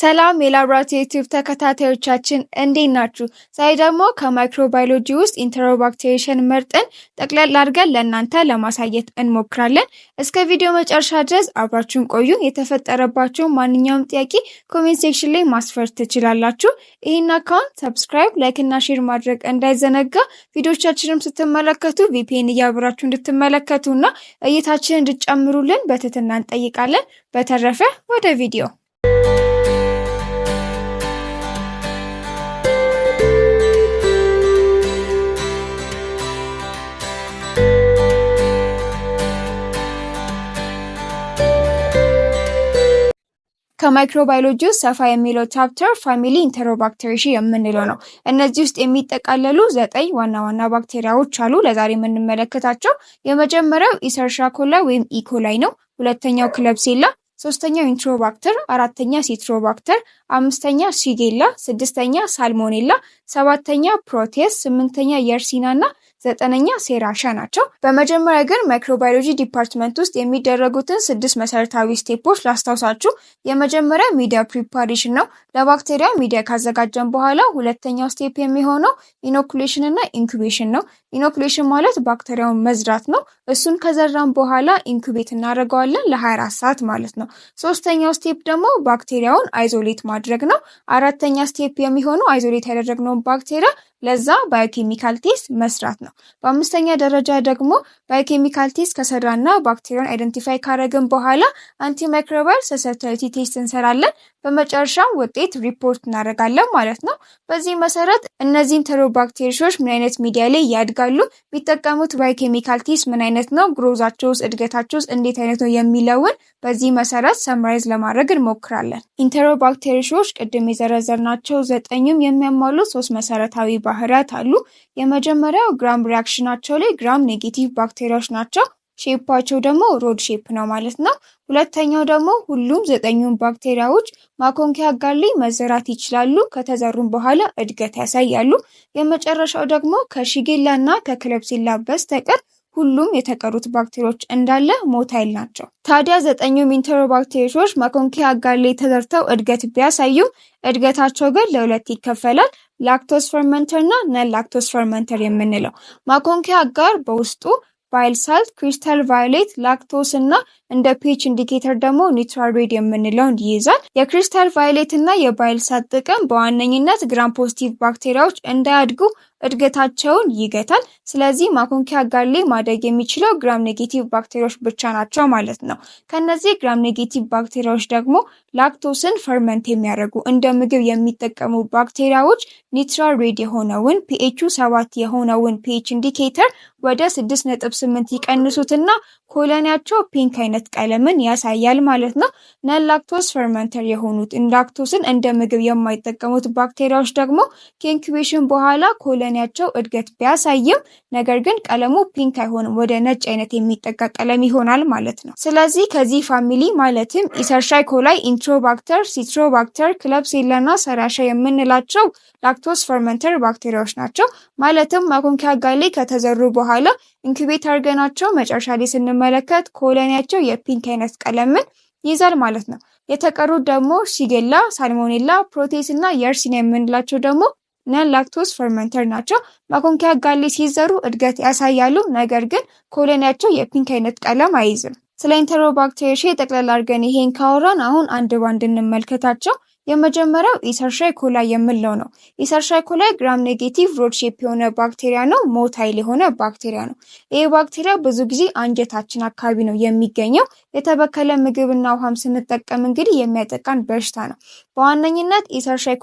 ሰላም የላብራቶሪ ዩቲዩብ ተከታታዮቻችን እንዴት ናችሁ? ዛሬ ደግሞ ከማይክሮባዮሎጂ ውስጥ ኢንተሮባክቴሪሽን ምርጥን ጠቅለል አድርገን ለእናንተ ለማሳየት እንሞክራለን። እስከ ቪዲዮ መጨረሻ ድረስ አብራችሁን ቆዩ። የተፈጠረባችሁ ማንኛውም ጥያቄ ኮሜንት ሴክሽን ላይ ማስፈር ትችላላችሁ። ይህን አካውንት ሰብስክራይብ፣ ላይክ እና ሼር ማድረግ እንዳይዘነጋ። ቪዲዮቻችንም ስትመለከቱ ቪፒን እያብራችሁ እንድትመለከቱ እና እይታችንን እንድጨምሩልን በትህትና እንጠይቃለን። በተረፈ ወደ ቪዲዮ ከማይክሮባዮሎጂ ውስጥ ሰፋ የሚለው ቻፕተር ፋሚሊ ኢንተሮባክተሪሺ የምንለው ነው። እነዚህ ውስጥ የሚጠቃለሉ ዘጠኝ ዋና ዋና ባክቴሪያዎች አሉ። ለዛሬ የምንመለከታቸው የመጀመሪያው ኢሰርሻ ኮላይ ወይም ኢኮላይ e. ነው። ሁለተኛው ሴላ፣ ሶስተኛው ኢንትሮባክተር፣ አራተኛ ሲትሮባክተር፣ አምስተኛ ሲጌላ፣ ስድስተኛ ሳልሞኔላ፣ ሰባተኛ ፕሮቴስ፣ ስምንተኛ የርሲና እና ዘጠነኛ ሴራሻ ናቸው። በመጀመሪያ ግን ማይክሮባዮሎጂ ዲፓርትመንት ውስጥ የሚደረጉትን ስድስት መሰረታዊ ስቴፖች ላስታውሳችሁ። የመጀመሪያ ሚዲያ ፕሪፓሬሽን ነው። ለባክቴሪያ ሚዲያ ካዘጋጀን በኋላ ሁለተኛው ስቴፕ የሚሆነው ኢኖኩሌሽን እና ኢንኩቤሽን ነው። ኢኖኩሌሽን ማለት ባክቴሪያውን መዝራት ነው። እሱን ከዘራን በኋላ ኢንኩቤት እናደርገዋለን ለ24 ሰዓት ማለት ነው። ሶስተኛው ስቴፕ ደግሞ ባክቴሪያውን አይዞሌት ማድረግ ነው። አራተኛ ስቴፕ የሚሆነው አይዞሌት ያደረግነውን ባክቴሪያ ለዛ ባዮኬሚካል ቴስት መስራት ነው። በአምስተኛ ደረጃ ደግሞ ባዮኬሚካል ቴስት ከሰራና ባክቴሪያን አይደንቲፋይ ካረግን በኋላ አንቲማይክሮባል ሰሰብታዊቲ ቴስት እንሰራለን። በመጨረሻም ውጤት ሪፖርት እናደርጋለን ማለት ነው። በዚህ መሰረት እነዚህን ተሮ ባክቴሪያዎች ምን አይነት ሚዲያ ላይ ያድጋል ያደርጋሉ? ቢጠቀሙት ኬሚካል ቴስት ምን አይነት ነው? ግሮዛቸውስ፣ እድገታቸውስ እንዴት አይነት ነው የሚለውን በዚህ መሰረት ሰምራይዝ ለማድረግ እንሞክራለን። ኢንተሮባክቴሪሾች ቅድም የዘረዘርናቸው ዘጠኙም የሚያሟሉ ሶስት መሰረታዊ ባህሪያት አሉ። የመጀመሪያው ግራም ሪያክሽናቸው ላይ ግራም ኔጌቲቭ ባክቴሪያዎች ናቸው። ሼፓቸው ደግሞ ሮድ ሼፕ ነው ማለት ነው። ሁለተኛው ደግሞ ሁሉም ዘጠኙን ባክቴሪያዎች ማኮንኪያ ጋር ላይ መዘራት ይችላሉ። ከተዘሩም በኋላ እድገት ያሳያሉ። የመጨረሻው ደግሞ ከሺጌላ እና ከክለብሲላ በስተቀር ሁሉም የተቀሩት ባክቴሪዎች እንዳለ ሞታይል ናቸው። ታዲያ ዘጠኙ ሚንተሮ ባክቴሪዎች ማኮንኪያ አጋር ላይ ተዘርተው እድገት ቢያሳዩም እድገታቸው ግን ለሁለት ይከፈላል። ላክቶስ ፈርመንተር እና ነን ላክቶስ ፈርመንተር የምንለው ማኮንኪያ አጋር በውስጡ ባይል ሳልት፣ ክሪስታል ቫዮሌት፣ ላክቶስ እና እንደ ፒኤች ኢንዲኬተር ደግሞ ኒውትራል ሬድ የምንለውን ይይዛል። የክሪስታል ቫይሌት እና የባይል ጥቅም በዋነኝነት ግራም ፖዚቲቭ ባክቴሪያዎች እንዳያድጉ እድገታቸውን ይገታል። ስለዚህ ማኮንኪያ ጋር ላይ ማደግ የሚችለው ግራም ኔጌቲቭ ባክቴሪያዎች ብቻ ናቸው ማለት ነው። ከነዚህ ግራም ኔጌቲቭ ባክቴሪያዎች ደግሞ ላክቶስን ፈርመንት የሚያደርጉ እንደ ምግብ የሚጠቀሙ ባክቴሪያዎች ኒትራል ሬድ የሆነውን ፒኤቹ ሰባት የሆነውን ፒኤች ኢንዲኬተር ወደ ስድስት ነጥብ ስምንት ይቀንሱትና ኮሎኒያቸው ፒንክ አይነት አይነት ቀለምን ያሳያል ማለት ነው። ነን ላክቶስ ፈርመንተር የሆኑት እንዳክቶስን እንደ ምግብ የማይጠቀሙት ባክቴሪያዎች ደግሞ ከኢንኩቤሽን በኋላ ኮሎኒያቸው እድገት ቢያሳይም ነገር ግን ቀለሙ ፒንክ አይሆንም፣ ወደ ነጭ አይነት የሚጠጋ ቀለም ይሆናል ማለት ነው። ስለዚህ ከዚህ ፋሚሊ ማለትም ኮላይ፣ ኢንትሮባክተር፣ ሲትሮባክተር፣ ክለብሴላና ሰራሻ የምንላቸው ላክቶስ ፈርመንተር ባክቴሪያዎች ናቸው። ማለትም ማኮንኪያ ጋሌ ከተዘሩ በኋላ ኢንኩቤት አድርገናቸው መጨረሻ ላይ ስንመለከት ኮሎኒያቸው የፒንክ አይነት ቀለምን ይይዛል ማለት ነው። የተቀሩት ደግሞ ሺጌላ፣ ሳልሞኔላ፣ ፕሮቴስ እና የእርሲን የምንላቸው ደግሞ ነን ላክቶስ ፈርመንተር ናቸው። ማኮንኪያ ጋሌ ሲዘሩ እድገት ያሳያሉ፣ ነገር ግን ኮሎኒያቸው የፒንክ አይነት ቀለም አይይዝም። ስለ ኢንተሮባክቴሪሽ ጠቅላላ አድርገን ይሄን ካወራን አሁን አንድ ባንድ እንመልከታቸው። የመጀመሪያው ኢሰርሻይ ኮላ የምለው ነው። ኢሰርሻይ ኮላ ግራም ኔጌቲቭ ሮድ ሼፕ የሆነ ባክቴሪያ ነው። ሞታይል የሆነ ባክቴሪያ ነው። ይህ ባክቴሪያ ብዙ ጊዜ አንጀታችን አካባቢ ነው የሚገኘው። የተበከለ ምግብና ውሃም ስንጠቀም እንግዲህ የሚያጠቃን በሽታ ነው። በዋነኝነት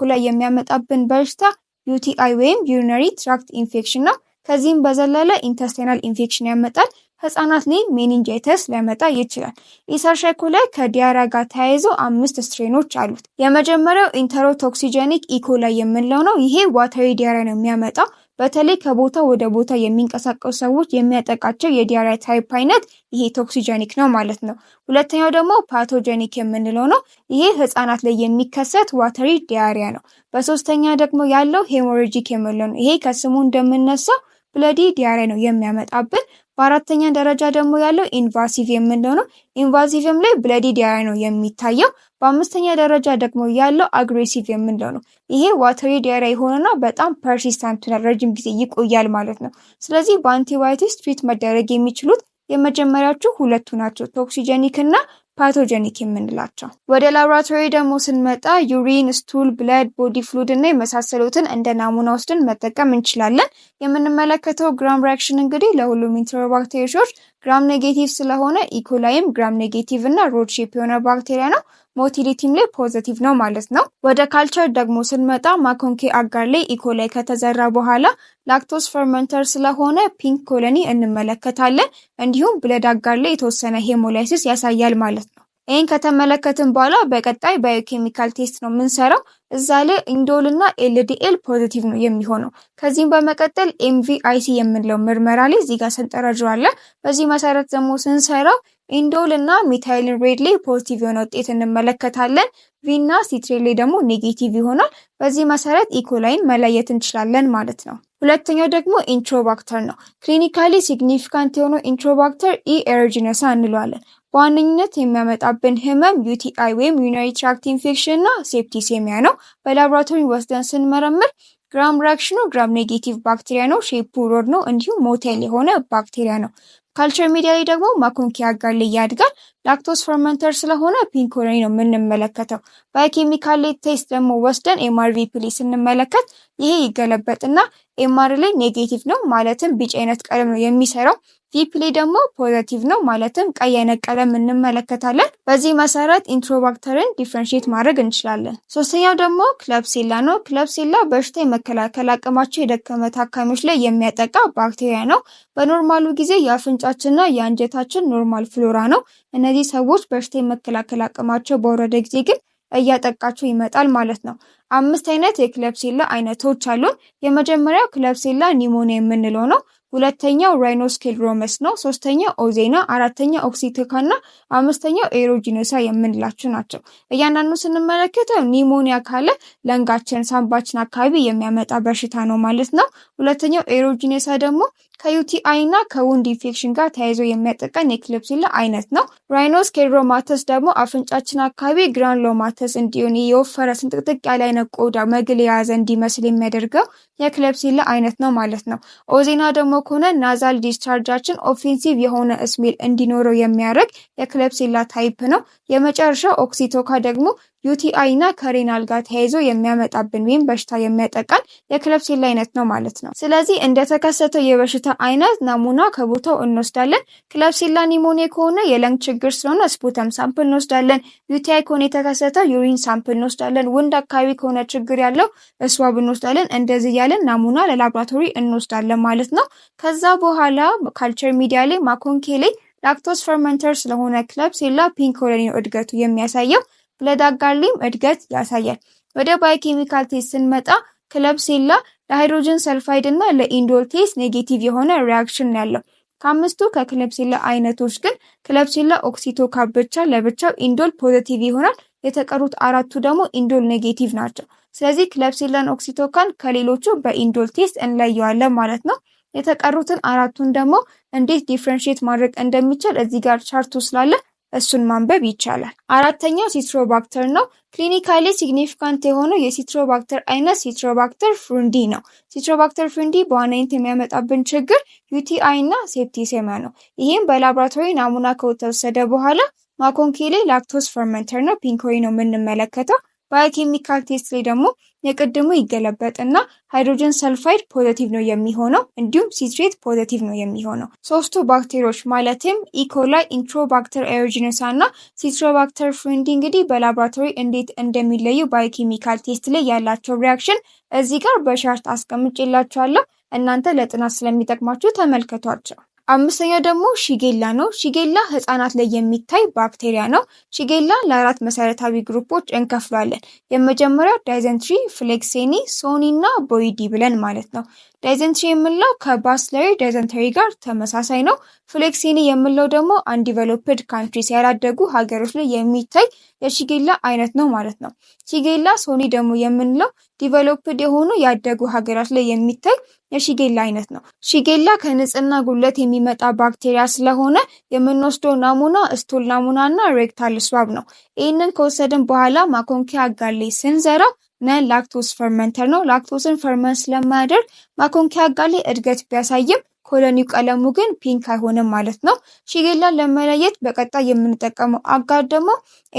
ኮላ የሚያመጣብን በሽታ ዩቲአይ ወይም ዩሪነሪ ትራክት ኢንፌክሽን ነው። ከዚህም በዘለለ ኢንተስቴናል ኢንፌክሽን ያመጣል። ህጻናት ላይ ሜኒንጃይተስ ሊያመጣ ይችላል። ኢሳሸኮ ላይ ከዲያራ ጋር ተያይዞ አምስት ስትሬኖች አሉት። የመጀመሪያው ኢንተሮቶክሲጀኒክ ኢኮላይ የምንለው ነው። ይሄ ዋታዊ ዲያራ ነው የሚያመጣው። በተለይ ከቦታ ወደ ቦታ የሚንቀሳቀሱ ሰዎች የሚያጠቃቸው የዲያራ ታይፕ አይነት ይሄ ቶክሲጀኒክ ነው ማለት ነው። ሁለተኛው ደግሞ ፓቶጀኒክ የምንለው ነው። ይሄ ህጻናት ላይ የሚከሰት ዋተሪ ዲያሪያ ነው። በሶስተኛ ደግሞ ያለው ሄሞሮጂክ የምንለው ነው። ይሄ ከስሙ እንደምነሳው ብለዲ ዲያሪያ ነው የሚያመጣብን። በአራተኛ ደረጃ ደግሞ ያለው ኢንቫሲቭ የምንለው ነው። ኢንቫሲቭም ላይ ብለዲ ዲያሪ ነው የሚታየው። በአምስተኛ ደረጃ ደግሞ ያለው አግሬሲቭ የምንለው ነው። ይሄ ዋተሪ ዲያሪያ የሆነና በጣም ፐርሲስታንት ረጅም ጊዜ ይቆያል ማለት ነው። ስለዚህ በአንቲባዮቲክስ ትሪት መደረግ የሚችሉት የመጀመሪያዎቹ ሁለቱ ናቸው፣ ቶክሲጀኒክ እና ፓቶጀኒክ የምንላቸው። ወደ ላብራቶሪ ደግሞ ስንመጣ ዩሪን፣ ስቱል፣ ብለድ፣ ቦዲ ፍሉድ እና የመሳሰሉትን እንደ ናሙና ወስድን መጠቀም እንችላለን። የምንመለከተው ግራም ሪያክሽን እንግዲህ ለሁሉም ኢንትሮባክቴሪዎች ግራም ኔጌቲቭ ስለሆነ ኢኮላይም ግራም ኔጌቲቭ እና ሮድ ሼፕ የሆነ ባክቴሪያ ነው። ሞቲሊቲም ላይ ፖዘቲቭ ነው ማለት ነው። ወደ ካልቸር ደግሞ ስንመጣ ማኮንኬ አጋር ላይ ኢኮላይ ከተዘራ በኋላ ላክቶስ ፈርመንተር ስለሆነ ፒንክ ኮሎኒ እንመለከታለን። እንዲሁም ብለድ አጋር ላይ የተወሰነ ሄሞላይሲስ ያሳያል ማለት ነው። ይህን ከተመለከትን በኋላ በቀጣይ ባዮኬሚካል ቴስት ነው የምንሰራው። እዛ ላይ ኢንዶል እና ኤልዲኤል ፖዚቲቭ ነው የሚሆነው። ከዚህም በመቀጠል ኤምቪአይሲ የምንለው ምርመራ ላይ እዚጋ ሰንጠረዥ በዚህ መሰረት ደግሞ ስንሰራው ኢንዶል እና ሬድ ላይ ፖዚቲቭ የሆነ ውጤት እንመለከታለን። ቪና ላይ ደግሞ ኔጌቲቭ ይሆናል። በዚህ መሰረት ኢኮላይን መለየት እንችላለን ማለት ነው። ሁለተኛው ደግሞ ኢንትሮባክተር ነው። ክሊኒካሊ ሲግኒፊካንት የሆነው ኢንትሮባክተር ኢኤርጂነሳ እንለዋለን። በዋነኝነት የሚያመጣብን ህመም ዩቲአይ ወይም ዩሪናሪ ትራክት ኢንፌክሽን እና ሴፕቲሴሚያ ነው። በላቦራቶሪ ወስደን ስንመረምር ግራም ሪያክሽኑ ግራም ኔጌቲቭ ባክቴሪያ ነው። ሼፑ ሮድ ነው። እንዲሁም ሞቴል የሆነ ባክቴሪያ ነው። ካልቸር ሚዲያ ላይ ደግሞ ማኮንኪያ ጋር ላይ ያድጋል። ላክቶስ ፈርመንተር ስለሆነ ፒንኮሬ ነው የምንመለከተው። ባዮኬሚካል ላይ ቴስት ደግሞ ወስደን ኤምአርቪ ፕሌ ስንመለከት ይሄ ይገለበጥና ኤምአር ላይ ኔጌቲቭ ነው ማለትም ቢጫ አይነት ቀለም ነው የሚሰራው። ዲፕሊ ደግሞ ፖዘቲቭ ነው ማለትም ቀይ አይነት ቀለም እንመለከታለን። በዚህ መሰረት ኢንትሮባክተርን ዲፍረንሽት ማድረግ እንችላለን። ሶስተኛው ደግሞ ክለብሴላ ነው። ክለብሴላ በሽታ የመከላከል አቅማቸው የደከመ ታካሚዎች ላይ የሚያጠቃ ባክቴሪያ ነው። በኖርማሉ ጊዜ የአፍንጫችንና የአንጀታችን ኖርማል ፍሎራ ነው። እነዚህ ሰዎች በሽታ የመከላከል አቅማቸው በወረደ ጊዜ ግን እያጠቃቸው ይመጣል ማለት ነው። አምስት አይነት የክለብሴላ አይነቶች አሉን። የመጀመሪያው ክለብሴላ ኒሞኒያ የምንለው ነው። ሁለተኛው ራይኖስኬልሮመስ ነው። ሶስተኛው ኦዜና፣ አራተኛ ኦክሲትካ እና አምስተኛው ኤሮጂኖሳ የምንላቸው ናቸው። እያንዳንዱ ስንመለከተው ኒሞኒያ ካለ ለንጋችን፣ ሳምባችን አካባቢ የሚያመጣ በሽታ ነው ማለት ነው። ሁለተኛው ኤሮጂኔሳ ደግሞ ከዩቲአይ እና ከውንድ ኢንፌክሽን ጋር ተያይዞ የሚያጠቃን የክሎፕሲላ አይነት ነው። ራይኖስ ደግሞ አፍንጫችን አካባቢ ሎማተስ እንዲሆን የወፈረ ስንጥቅጥቅ ያለ አይነት ቆዳ መግል የያዘ እንዲመስል የሚያደርገው የክሎፕሲላ አይነት ነው ማለት ነው። ኦዜና ደግሞ ከሆነ ናዛል ዲስቻርጃችን ኦፌንሲቭ የሆነ እስሜል እንዲኖረው የሚያደርግ የክሎፕሲላ ታይፕ ነው። የመጨረሻው ኦክሲቶካ ደግሞ ዩቲአይ እና ከሬናል ጋር ተያይዞ የሚያመጣብን ወይም በሽታ የሚያጠቃን የክለብሴላ አይነት ነው ማለት ነው። ስለዚህ እንደተከሰተው የበሽታ አይነት ናሙና ከቦታው እንወስዳለን። ክለብሴላ ኒሞኒያ ከሆነ የለንግ ችግር ስለሆነ ስፑተም ሳምፕል እንወስዳለን። ዩቲአይ ከሆነ የተከሰተው ዩሪን ሳምፕል እንወስዳለን። ወንድ አካባቢ ከሆነ ችግር ያለው እስዋብ እንወስዳለን። እንደዚህ ያለን ናሙና ለላብራቶሪ እንወስዳለን ማለት ነው። ከዛ በኋላ ካልቸር ሚዲያ ላይ ማኮንኬ ላይ ላክቶስ ፈርመንተር ስለሆነ ክለብሴላ ፒንክ ኮሎኒ እድገቱ የሚያሳየው ለዳጋሊም እድገት ያሳያል። ወደ ባዮኬሚካል ቴስት ስንመጣ ክለብሴላ ለሃይድሮጅን ሰልፋይድ እና ለኢንዶል ቴስት ኔጌቲቭ የሆነ ሪያክሽን ያለው ከአምስቱ ከክለብሴላ አይነቶች ግን ክለብሴላ ኦክሲቶካ ብቻ ለብቻው ኢንዶል ፖዘቲቭ ይሆናል። የተቀሩት አራቱ ደግሞ ኢንዶል ኔጌቲቭ ናቸው። ስለዚህ ክለብሴላን ኦክሲቶካን ከሌሎቹ በኢንዶል ቴስት እንለየዋለን ማለት ነው። የተቀሩትን አራቱን ደግሞ እንዴት ዲፍረንሽት ማድረግ እንደሚቻል እዚህ ጋር ቻርቱ ስላለ እሱን ማንበብ ይቻላል። አራተኛው ሲትሮባክተር ነው። ክሊኒካሊ ሲግኒፊካንት የሆነው የሲትሮባክተር አይነት ሲትሮባክተር ፍሩንዲ ነው። ሲትሮባክተር ፍሩንዲ በዋናነት የሚያመጣብን ችግር ዩቲአይ እና ሴፕቲሴሚያ ነው። ይህም በላብራቶሪ ናሙና ከተወሰደ በኋላ ማኮንኬሌ ላክቶስ ፈርመንተር ነው ፒንኮይ ነው የምንመለከተው። ባዮኬሚካል ቴስት ላይ ደግሞ የቅድሙ ይገለበጥና ሃይድሮጀን ሰልፋይድ ፖዘቲቭ ነው የሚሆነው፣ እንዲሁም ሲትሬት ፖዘቲቭ ነው የሚሆነው። ሶስቱ ባክቴሪዎች ማለትም ኢኮላይ፣ ኢንትሮባክተር አዮጂነሳ እና ሲትሮባክተር ፍሪንዲ እንግዲህ በላቦራቶሪ እንዴት እንደሚለዩ ባዮኬሚካል ቴስት ላይ ያላቸው ሪያክሽን እዚህ ጋር በሻርት አስቀምጬላችኋለሁ። እናንተ ለጥናት ስለሚጠቅማችሁ ተመልከቷቸው። አምስተኛው ደግሞ ሺጌላ ነው። ሺጌላ ህጻናት ላይ የሚታይ ባክቴሪያ ነው። ሺጌላ ለአራት መሰረታዊ ግሩፖች እንከፍሏለን። የመጀመሪያው ዳይዘንትሪ፣ ፍሌክሴኒ፣ ሶኒ እና ቦይዲ ብለን ማለት ነው። ዳይዘንትሪ የምንለው ከባስለሪ ዳይዘንተሪ ጋር ተመሳሳይ ነው። ፍሌክሲኒ የምንለው ደግሞ አንዲቨሎፕድ ካንትሪስ ያላደጉ ሀገሮች ላይ የሚታይ የሽጌላ አይነት ነው ማለት ነው። ሽጌላ ሶኒ ደግሞ የምንለው ዲቨሎፕድ የሆኑ ያደጉ ሀገራት ላይ የሚታይ የሽጌላ አይነት ነው። ሽጌላ ከንጽህና ጉለት የሚመጣ ባክቴሪያ ስለሆነ የምንወስደው ናሙና ስቶል ናሙና እና ሬክታል ስዋብ ነው። ይህንን ከወሰድን በኋላ ማኮንኪያ አጋሌ ስንዘራው ላክቶስ ፈርመንተር ነው። ላክቶስን ፈርመንት ስለማያደርግ ማኮንኪያ ጋሌ እድገት ቢያሳይም ኮሎኒው ቀለሙ ግን ፒንክ አይሆንም ማለት ነው። ሽጌላን ለመለየት በቀጣይ የምንጠቀመው አጋር ደግሞ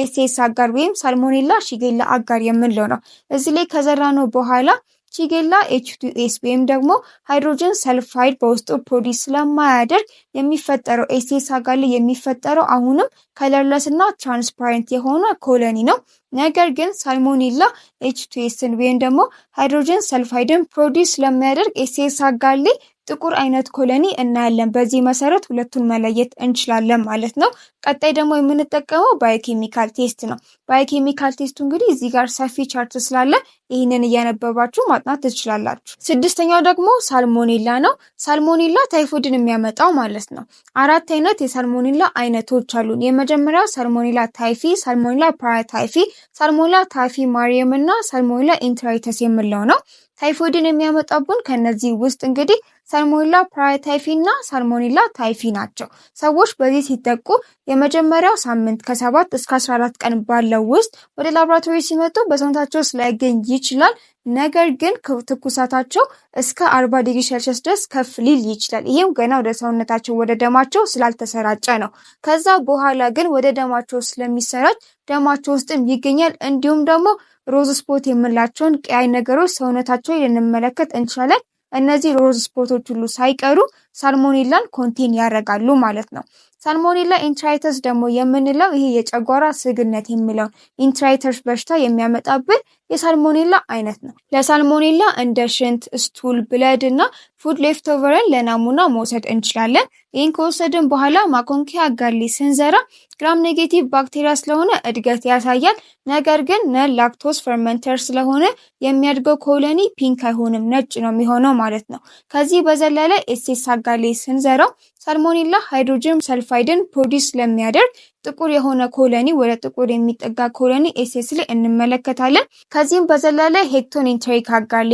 ኤስኤስ አጋር ወይም ሳልሞኔላ ሽጌላ አጋር የምንለው ነው። እዚህ ላይ ከዘራ ነው በኋላ ቺጌላ ኤችቱኤስ ወይም ደግሞ ሃይድሮጅን ሰልፋይድ በውስጡ ፕሮዲስ ስለማያደርግ የሚፈጠረው ኤስቴስ አጋር ላይ የሚፈጠረው አሁንም ከለርለስ እና ትራንስፓረንት የሆነ ኮሎኒ ነው። ነገር ግን ሳልሞኔላ ኤችቱኤስን ወይም ደግሞ ሃይድሮጀን ሰልፋይድን ፕሮዲስ ስለሚያደርግ ኤስኤስ አጋሌ ጥቁር አይነት ኮሎኒ እናያለን። በዚህ መሰረት ሁለቱን መለየት እንችላለን ማለት ነው። ቀጣይ ደግሞ የምንጠቀመው ባዮኬሚካል ቴስት ነው። ባዮኬሚካል ቴስቱ እንግዲህ እዚህ ጋር ሰፊ ቻርት ስላለ ይህንን እያነበባችሁ ማጥናት ትችላላችሁ። ስድስተኛው ደግሞ ሳልሞኔላ ነው። ሳልሞኔላ ታይፎድን የሚያመጣው ማለት ነው። አራት አይነት የሳልሞኔላ አይነቶች አሉን። የመጀመሪያው ሳልሞኔላ ታይፊ፣ ሳልሞኔላ ፓራታይፊ ሳልሞላ ታፊ ማሪየም እና ሳልሞላ ኢንትራይተስ የምለው ነው። ታይፎይድን የሚያመጣብን ከነዚህ ውስጥ እንግዲህ ሳልሞኒላ ፓራታይፊ እና ሳልሞኒላ ታይፊ ናቸው። ሰዎች በዚህ ሲጠቁ የመጀመሪያው ሳምንት ከሰባት እስከ 14 ቀን ባለው ውስጥ ወደ ላቦራቶሪ ሲመጡ በሰውነታቸው ውስጥ ላይገኝ ይችላል። ነገር ግን ትኩሳታቸው እስከ 40 ዲግሪ ሴልሺየስ ድረስ ከፍ ሊል ይችላል። ይህም ገና ወደ ሰውነታቸው ወደ ደማቸው ስላልተሰራጨ ነው። ከዛ በኋላ ግን ወደ ደማቸው ስለሚሰራጭ ደማቸው ውስጥም ይገኛል። እንዲሁም ደግሞ ሮዝ ስፖት የምንላቸውን ቀያይ ነገሮች ሰውነታቸው ልንመለከት እንችላለን። እነዚህ ሮዝ ስፖርቶች ሁሉ ሳይቀሩ ሳልሞኔላን ኮንቴን ያደርጋሉ ማለት ነው። ሳልሞኔላ ኢንትራይተስ ደግሞ የምንለው ይሄ የጨጓራ ስግነት የሚለው ኢንትራይተስ በሽታ የሚያመጣብን የሳልሞኔላ አይነት ነው። ለሳልሞኔላ እንደ ሽንት፣ ስቱል፣ ብለድ እና ፉድ ሌፍቶቨርን ለናሙና መውሰድ እንችላለን። ይህን ከወሰድን በኋላ ማኮንኪያ ጋሊ ስንዘራ ግራም ኔጌቲቭ ባክቴሪያ ስለሆነ እድገት ያሳያል። ነገር ግን ነን ላክቶስ ፈርመንተር ስለሆነ የሚያድገው ኮሎኒ ፒንክ አይሆንም፣ ነጭ ነው የሚሆነው ማለት ነው። ከዚህ በዘለለ ኤስቴስ አጋሌ ስንዘራው ሳልሞኔላ ሃይድሮጅን ሰልፋይድን ፕሮዲስ ስለሚያደርግ ጥቁር የሆነ ኮሎኒ ወደ ጥቁር የሚጠጋ ኮሎኒ ኤስኤስ ላይ እንመለከታለን። ከዚህም በዘለለ ሄክቶን ኢንትሪክ አጋሌ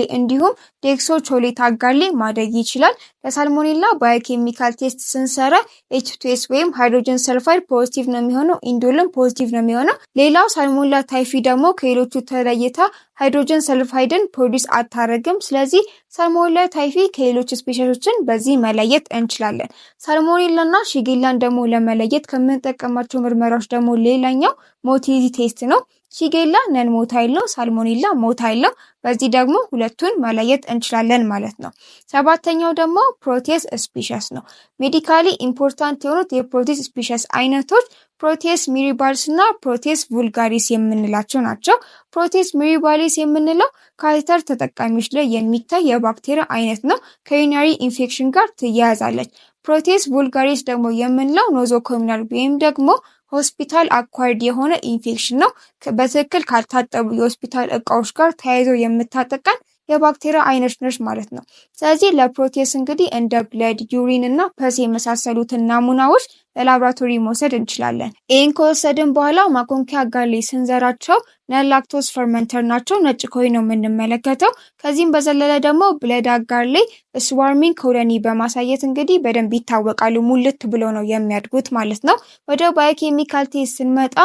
ላይ እንዲሁም ዴክሶ ቾሌት አጋሌ ማደግ ይችላል። ለሳልሞኔላ ባዮኬሚካል ቴስት ስንሰራ ኤች ወይም ሃይድሮጅን ሰልፋይድ ፖዚቲቭ ነው የሚሆነው፣ ኢንዶልን ፖዚቲቭ ነው የሚሆነው። ሌላው ሳልሞኔላ ታይፊ ደግሞ ከሌሎቹ ተለይታ ሃይድሮጅን ሰልፋይድን ፕሮዲስ አታረግም። ስለዚህ ሳልሞኔላ ታይፊ ከሌሎች ስፔሻሶችን በዚህ መለየት እንችላለን። ሳልሞኔላና ሽጌላን ደግሞ ለመለየት ከ ከምንጠቀማቸው ምርመራዎች ደግሞ ሌላኛው ሞቲዚ ቴስት ነው። ሺጌላ ነን ሞታይል ነው። ሳልሞኔላ ሞታይል ነው። በዚህ ደግሞ ሁለቱን መለየት እንችላለን ማለት ነው። ሰባተኛው ደግሞ ፕሮቴስ ስፒሸስ ነው። ሜዲካሊ ኢምፖርታንት የሆኑት የፕሮቴስ ስፒሸስ አይነቶች ፕሮቴስ ሚሪባልስ እና ፕሮቴስ ቡልጋሪስ የምንላቸው ናቸው። ፕሮቴስ ሚሪባሊስ የምንለው ካቴተር ተጠቃሚዎች ላይ የሚታይ የባክቴሪያ አይነት ነው። ከዩናሪ ኢንፌክሽን ጋር ትያያዛለች። ፕሮቴስ ቡልጋሪስ ደግሞ የምንለው ኖዞ ኮሚናል ወይም ደግሞ ሆስፒታል አኳርድ የሆነ ኢንፌክሽን ነው። በትክክል ካልታጠቡ የሆስፒታል እቃዎች ጋር ተያይዞ የምታጠቃን የባክቴሪያ አይነት ነች ማለት ነው። ስለዚህ ለፕሮቴስ እንግዲህ እንደ ብለድ፣ ዩሪን እና ፐስ የመሳሰሉትን ናሙናዎች ለላብራቶሪ መውሰድ እንችላለን። ይህን ከወሰድን በኋላ ማኮንኪያ ጋር ላይ ስንዘራቸው ነላክቶስ ፈርመንተር ናቸው። ነጭ ኮይ ነው የምንመለከተው። ከዚህም በዘለለ ደግሞ ብለድ አጋር ላይ ስዋርሚንግ ኮሎኒ በማሳየት እንግዲህ በደንብ ይታወቃሉ። ሙልት ብሎ ነው የሚያድጉት ማለት ነው። ወደ ባዮኬሚካል ቴስት ስንመጣ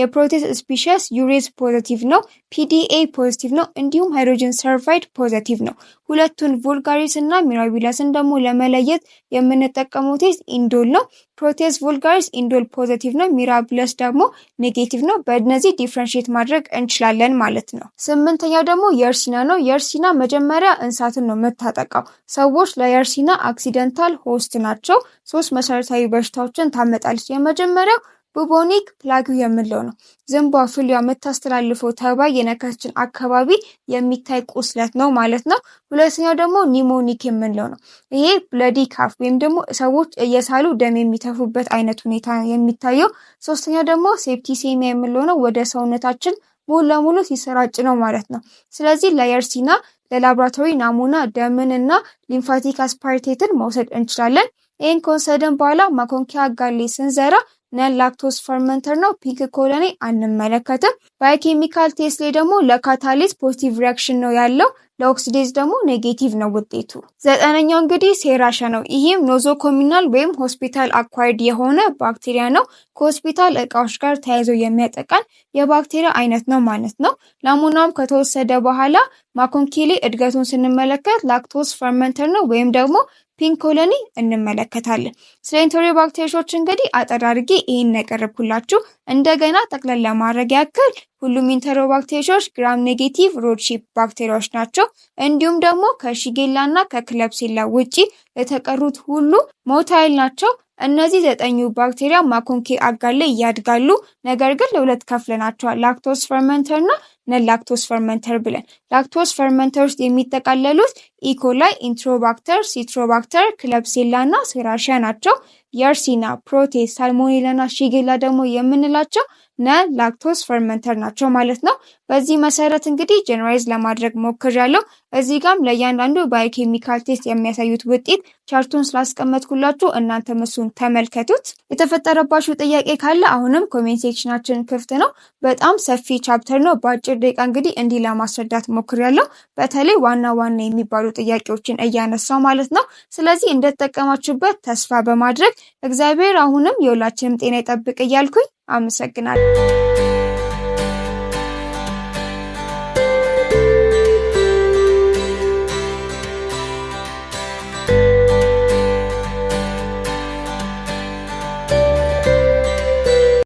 የፕሮቴስ ስፒሽስ ዩሬዝ ፖዘቲቭ ነው፣ ፒዲኤ ፖዘቲቭ ነው፣ እንዲሁም ሃይድሮጅን ሰርቫይድ ፖዘቲቭ ነው። ሁለቱን ቮልጋሪስ እና ሚራቢለስን ደግሞ ለመለየት የምንጠቀመው ቴስት ኢንዶል ነው። ፕሮቴስ ቮልጋሪስ ኢንዶል ፖዘቲቭ ነው፣ ሚራቢለስ ደግሞ ኔጌቲቭ ነው። በእነዚህ ዲፍረንሽት ማድረግ እንችላለን ማለት ነው። ስምንተኛው ደግሞ የእርሲና ነው። የእርሲና መጀመሪያ እንስሳትን ነው የምታጠቃው። ሰዎች ለየእርሲና አክሲደንታል ሆስት ናቸው። ሶስት መሰረታዊ በሽታዎችን ታመጣለች። የመጀመሪያው ቡቦኒክ ፕላግ የምንለው ነው። ዝንቧ ፍሊዋ የምታስተላልፈው ተባይ የነካችን አካባቢ የሚታይ ቁስለት ነው ማለት ነው። ሁለተኛው ደግሞ ኒሞኒክ የምንለው ነው። ይሄ ብለዲ ካፍ ወይም ደግሞ ሰዎች እየሳሉ ደም የሚተፉበት አይነት ሁኔታ የሚታየው። ሶስተኛው ደግሞ ሴፕቲሴሚያ የምንለው ነው። ወደ ሰውነታችን ሙሉ ለሙሉ ሲሰራጭ ነው ማለት ነው። ስለዚህ ለየርሲና ለላብራቶሪ ናሙና ደምን እና ሊምፋቲክ አስፓርቴትን መውሰድ እንችላለን። ይህን ኮንሰደን በኋላ ማኮንኪያ ጋሌ ስንዘራ ነን ላክቶስ ፈርመንተር ነው። ፒንክ ከሆነ አንመለከትም። ባዮኬሚካል ቴስት ላይ ደግሞ ለካታሊስ ፖዚቲቭ ሪያክሽን ነው ያለው፣ ለኦክሲዴዝ ደግሞ ኔጌቲቭ ነው ውጤቱ። ዘጠነኛው እንግዲህ ሴራሻ ነው። ይህም ኖዞ ኮሚናል ወይም ሆስፒታል አኳይድ የሆነ ባክቴሪያ ነው። ከሆስፒታል እቃዎች ጋር ተያይዞ የሚያጠቃን የባክቴሪያ አይነት ነው ማለት ነው። ናሙናውም ከተወሰደ በኋላ ማኮንኪሊ እድገቱን ስንመለከት ላክቶስ ፈርመንተር ነው ወይም ደግሞ ፒንክ ኮሎኒ እንመለከታለን። ስለ ባክቴሪዎች እንግዲህ አጠር አድርጌ ይህን ያቀረብኩላችሁ። እንደገና ጠቅለል ለማድረግ ያክል ሁሉም ባክቴሪዎች ግራም ኔጌቲቭ ሮድሺፕ ባክቴሪያዎች ናቸው። እንዲሁም ደግሞ ከሺጌላ እና ከክለብሴላ ውጪ የተቀሩት ሁሉ ሞታይል ናቸው። እነዚህ ዘጠኙ ባክቴሪያ ማኮንኬ አጋር ላይ እያድጋሉ፣ ነገር ግን ለሁለት ከፍለናቸዋል ላክቶስ ፈርመንተር እና ላክቶስ ፈርመንተር ብለን ላክቶስ ፈርመንተር ውስጥ የሚጠቃለሉት ኢኮላይ፣ ኢንትሮባክተር፣ ሲትሮባክተር፣ ክለብሴላ እና ሴራሺያ ናቸው። የርሲና፣ ፕሮቴስ፣ ሳልሞኔላና ሺጌላ ደግሞ የምንላቸው ነ ላክቶስ ፈርመንተር ናቸው ማለት ነው። በዚህ መሰረት እንግዲህ ጀነራይዝ ለማድረግ ሞክር ያለው እዚህ ጋም ለእያንዳንዱ ባዮኬሚካል ቴስት የሚያሳዩት ውጤት ቻርቱን ስላስቀመጥኩላችሁ እናንተ እሱን ተመልከቱት። የተፈጠረባችሁ ጥያቄ ካለ አሁንም ኮሜንት ሴክሽናችን ክፍት ነው። በጣም ሰፊ ቻፕተር ነው። በአጭር ደቂቃ እንግዲህ እንዲህ ለማስረዳት ያለው በተለይ ዋና ዋና የሚባሉ ጥያቄዎችን እያነሳው ማለት ነው። ስለዚህ እንደተጠቀማችሁበት ተስፋ በማድረግ እግዚአብሔር አሁንም የሁላችንም ጤና ይጠብቅ እያልኩኝ አመሰግናለሁ።